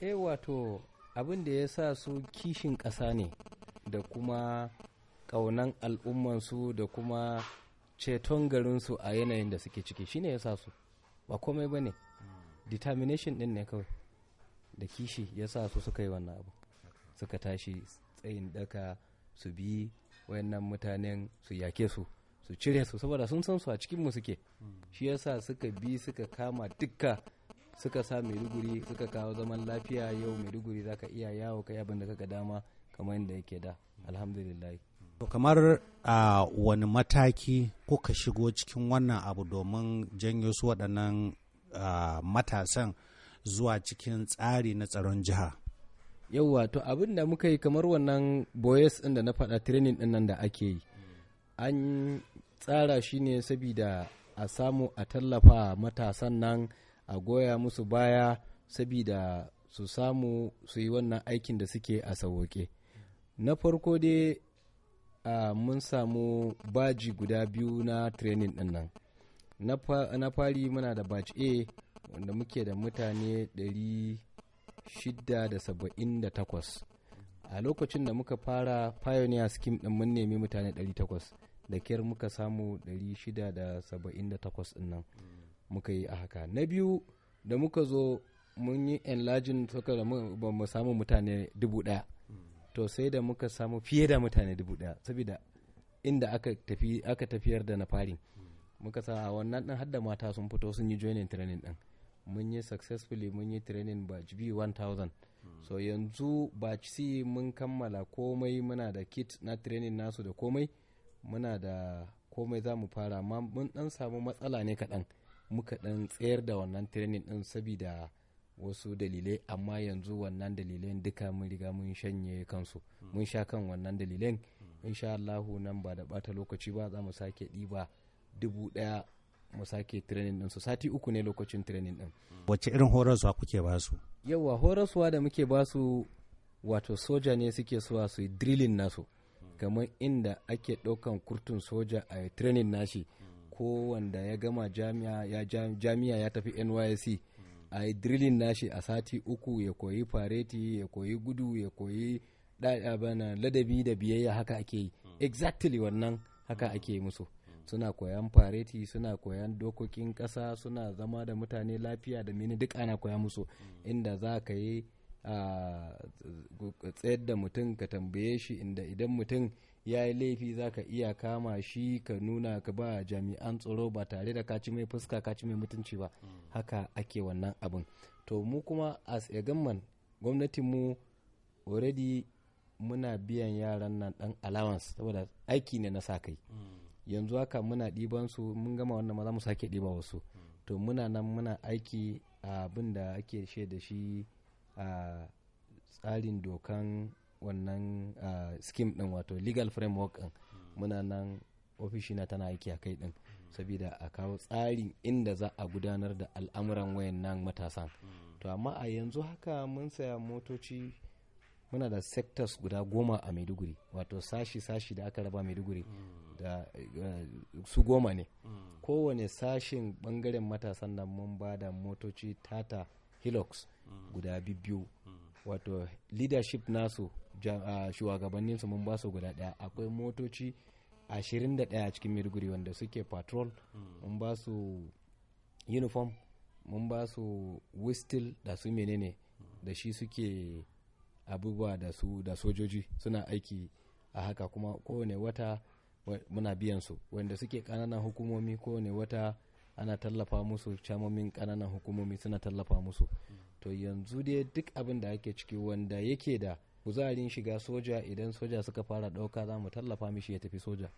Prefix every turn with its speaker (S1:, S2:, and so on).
S1: eh wato abin da ya sa su kishin ƙasa ne da kuma ƙaunan al'ummansu da kuma ceton garinsu a yanayin da suke ciki shine ya sa su ba komai ba ne determination ɗin ne kawai da kishi ya sa su suka yi wannan abu suka tashi tsayin daka su bi wayannan mutanen su yake su su cire su saboda sun san su a cikin mu suke shi yasa suka bi suka kama duka. suka sa maiduguri suka kawo zaman lafiya yau maiduguri za ka iya yawo kai abin da ka dama kamar yadda yake da alhamdulillah to kamar a wani mataki kuka shigo cikin wannan abu domin janyo su waɗannan matasan zuwa cikin tsari na tsaron jiha yauwa to abin da muka yi kamar wannan boys ɗin da na faɗa training ɗin nan da ake yi an tsara shi ne saboda a samu a tallafa matasan nan a goya musu baya sabida su samu su yi wannan aikin da suke a sawoke na farko dai mun samu baji guda biyu na training din nan na fari muna da batch a wanda muke da mutane 678 a lokacin da muka fara pioneer scheme din mun nemi mutane 800 da kyar muka samu 678 din nan muka yi a haka na biyu da muka zo mun yi enlarging suka da ba mu samu mutane dubu daya to sai da muka samu fiye da mutane dubu daya saboda inda aka tafiyar da na fari. muka sa a wannan din hadda mata sun fito sun yi joining training din mun yi successfully mun yi training batch B 1000 so yanzu batch C mun kammala komai muna da kit na training nasu da komai muna da komai za mu fara mun dan samu matsala ne kaɗan. muka dan tsayar da wannan training din sabida wasu dalilai amma yanzu wannan dalilan duka mun riga mun shanye kansu mun sha kan wannan dalilan insha Allahu nan ba da bata lokaci ba za mu sake diba dubu ɗaya mu sake training din su sati uku ne lokacin training din wacce irin horaswa kuke ba su yawa horaswa da muke ba su wato soja ne suke suwa su yi drilling nasu kamar inda ake ɗaukan kurtun soja a training nashi ko wanda ya gama jami'a ya tafi NYSC a yi drillin nashi a sati uku ya koyi fareti ya koyi gudu ya koyi bana ladabi da biyayya haka ake yi hmm. exactly wannan haka hmm. ake musu hmm. suna koyan fareti suna koyan dokokin ƙasa suna zama da mutane lafiya da mini duk ana koya musu inda za ka yi a tsayar da mutum ka tambaye shi inda idan mutum ya yi laifi za ka iya kama shi ka nuna ka ba jami'an tsaro ba tare da kaci mai fuska kaci mai mutunci ba mm. haka ake wannan abin to mu kuma as a gamman gwamnatinmu already muna biyan yaran nan dan allowance saboda aiki ne na sa kai mm. yanzu haka muna ɗiban su mun gama wannan ma za mu sake ɗiba wasu mm. to muna nan muna aiki abin da ake shaida shi tsarin dokan wannan scheme din wato legal framework din muna nan ofishina tana aiki a kai din saboda a kawo tsarin inda za a gudanar da al'amuran wayan nan matasan to amma a yanzu haka mun saya motoci muna da sectors guda goma a maiduguri wato sashi-sashi da aka raba maiduguri da su goma ne kowane sashin bangaren matasan nan mun ba da motoci tata hilux guda biyu wato leadership nasu shugabannin su mun ba su guda daya akwai motoci 21 cikin maiduguri wanda suke patrol mun ba su uniform mun ba su whistle da su menene da shi suke abubuwa da su da sojoji suna aiki a haka kuma kowane wata muna biyan su wanda suke kananan hukumomi kowane wata ana tallafa musu camomin ƙananan hukumomi suna tallafa musu to yanzu dai duk abin da ake ciki wanda yake da kuzarin shiga soja idan soja suka fara ɗauka za mu tallafa mishi ya tafi soja